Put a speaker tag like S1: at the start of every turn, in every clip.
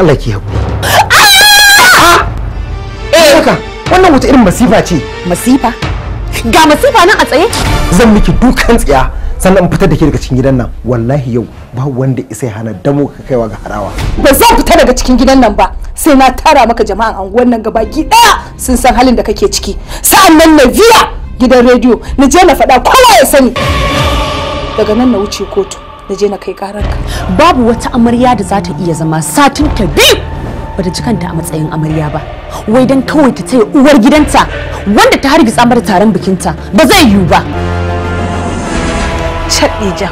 S1: Allah ki haƙuri.
S2: Ah! Eh, wannan wata irin masifa ce. Masifa? Ga masifa nan a tsaye?
S1: Zan miki dukan tsiya sannan fitar da ke daga cikin gidan nan wallahi yau ba wanda isa ya hana damo ka kaiwa ga harawa.
S2: Ba zan fita daga cikin gidan nan ba sai na tara maka jama'an anguwan nan gabaki ɗaya sun san halin da kake ciki sa'an nan na biya gidan rediyo na je na faɗa kowa ya sani daga nan na wuce kotu. na je na kai karanka babu wata amarya da za ta iya zama satin ta biyu ba da jikanta a matsayin amarya ba wai dan kawai ta taya uwar gidanta wanda ta hargitsa mara taron bikinta ba zai yiwu ba jan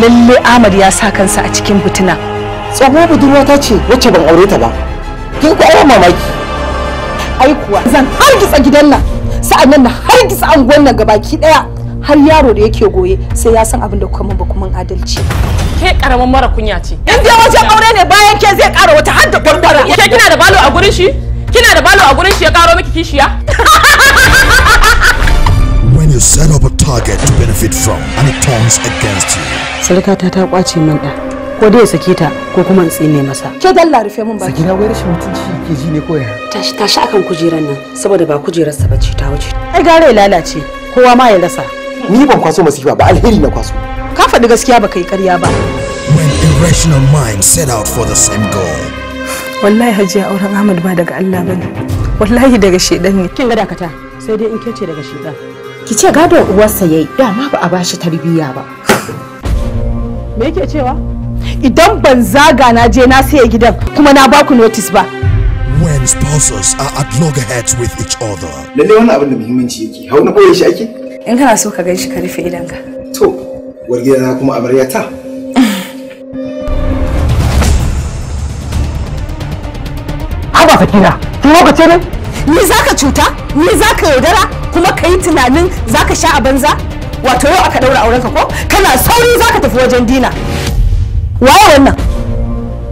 S2: lalle amar ya sa kansa a cikin fitina tsoho budurwata ce wacce ban aure ta ba kin ko aure mamaki ai kuwa zan hargitsa gidan nan sa'annan nan na hargitsa anguwan nan gabaki daya har yaro da yake goye sai ya san abin da kuma ba kuma adalci ke karamin mara kunya ce in dai wajen aure ne bayan ke zai kara wata hadda da ke kina da balo a gurin shi kina da balo a gurin shi ya karo miki kishiya
S1: when you set up a target to benefit from and it turns against you
S2: sarkata ta kwace min da ko dai sake ta ko kuma in tsine masa ke dalla rufe mun ba sakina wai rashin mutunci ke ji ne koya tashi tashi akan kujeran nan saboda ba kujerar sa bace ta wuce ai gare lalace kowa ma ya rasa
S1: ni ban kwaso masifa ba alheri na kwaso
S2: ka faɗi gaskiya ba kai ƙarya ba
S1: when irrational mind set out for the same goal
S2: wallahi hajiya auren ahmad ba daga allah ba ne wallahi daga shedan ne kin ga dakata sai dai in kece ce daga shedan ki ce gado uwarsa yayi dama ba a bashi tarbiyya ba me yake cewa idan ban zaga na je na saye gidan kuma na ba ku notice
S1: ba when spouses are at loggerheads with each other lalle wannan abin da muhimmanci
S2: yake hau na shi ake in kana so ka gan shi ka rufe idanka to wargida na kuma amarya ta haba sakina kin ce ne ni zaka cuta ni zaka yaudara kuma ka yi tunanin zaka sha a banza wato yau aka daura aurenka ko kana sauri zaka tafi wajen dina waye wannan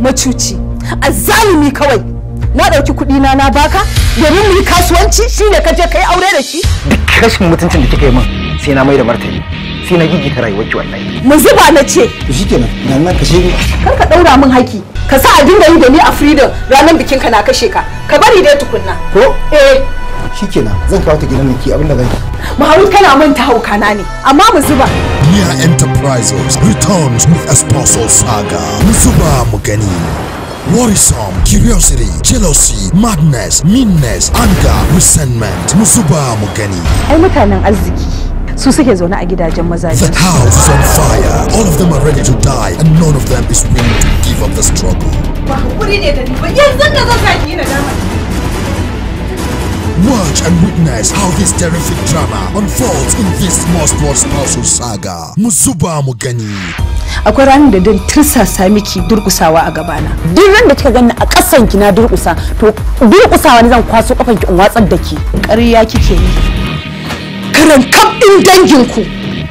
S2: macuci azalimi kawai na ɗauki kuɗi na na baka domin mu yi kasuwanci shine ka je kai aure da shi
S1: duk rashin mutuncin da kika yi min sai na mai da martani sai na gigita rayuwarki wallahi mu zuba na ce to shikenan da nan kashe ni
S2: kar ka daura min haki ka sa a dinga yi da ni a freedom ranar bikin ka na kashe ka ka bari dai tukunna
S1: ko eh shikenan zan kawo ta gidan ki abin da zan yi
S2: Mahmud kana manta haukana ne amma mu zuba
S1: Mia Enterprises returns with a sponsor saga. Musuba Mugani. worrisome, curiosity, jealousy, madness, meanness, anger, resentment. musu ba mu gani.
S2: Ai mutanen arziki su suke zaune a gidajen mazaje. The
S1: house is on fire. All of them are ready to die and none of them is willing to give up the struggle.
S2: Ba hakuri ne da ni ba yanzu na zan sake ni na dama.
S1: Watch and witness how this terrific drama unfolds in this most spousal saga. Mu zuba Akwai ranar da dan tirsasa miki durkusawa a gaba na. Duk ran da kika gani a kasan ki
S2: na durkusa, to durkusawa ne zan kwaso kafan ki in watsar da ki. Ƙarya kike yi. Karan kam din dangin ku.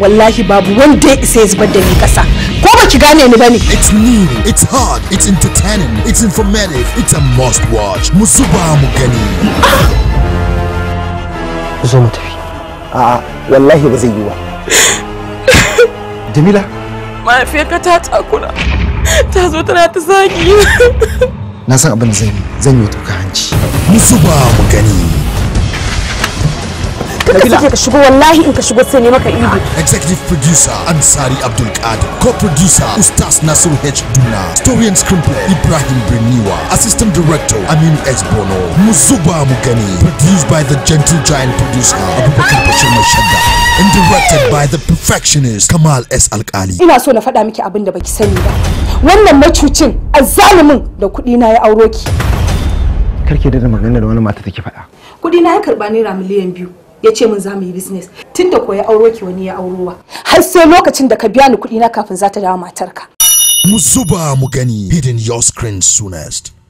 S2: Wallahi babu wanda ya isa ya zubar da ni kasa.
S1: ko ba ki gane ni bane it's new it's hard it's entertaining it's informative it's a must watch mu zuba mu gani zo mu tafi a'a wallahi ba zai yi ba jamila
S2: mahaifiyarka ta takura ta zo tana ta zagi
S1: na san abin da zan yi zan yi tuka hanci musu ba mu gani
S2: duk da ka shigo wallahi in ka shigo
S1: sai ne maka ido ah, executive producer ansari abdul qadir co-producer ustaz nasiru h duna story and screenplay ibrahim Birniwa assistant director aminu s bono muzuba mugani produced by the gentle giant producer abubakar bashir mashadda and directed by the perfectionist kamal s alkali
S2: ina so na faɗa miki abin da baki sani ba wannan macucin azalumin, da kuɗi na ya auro ki karke da maganar wani mata take faɗa kuɗi na ya karɓa naira miliyan biyu ya ce min za mu yi business tunda ko ya auro ki wani ya aurowa har sai lokacin da ka biya ni kuɗi na kafin za ta dawo matarka
S1: mu zuba mu gani hidden your screen soonest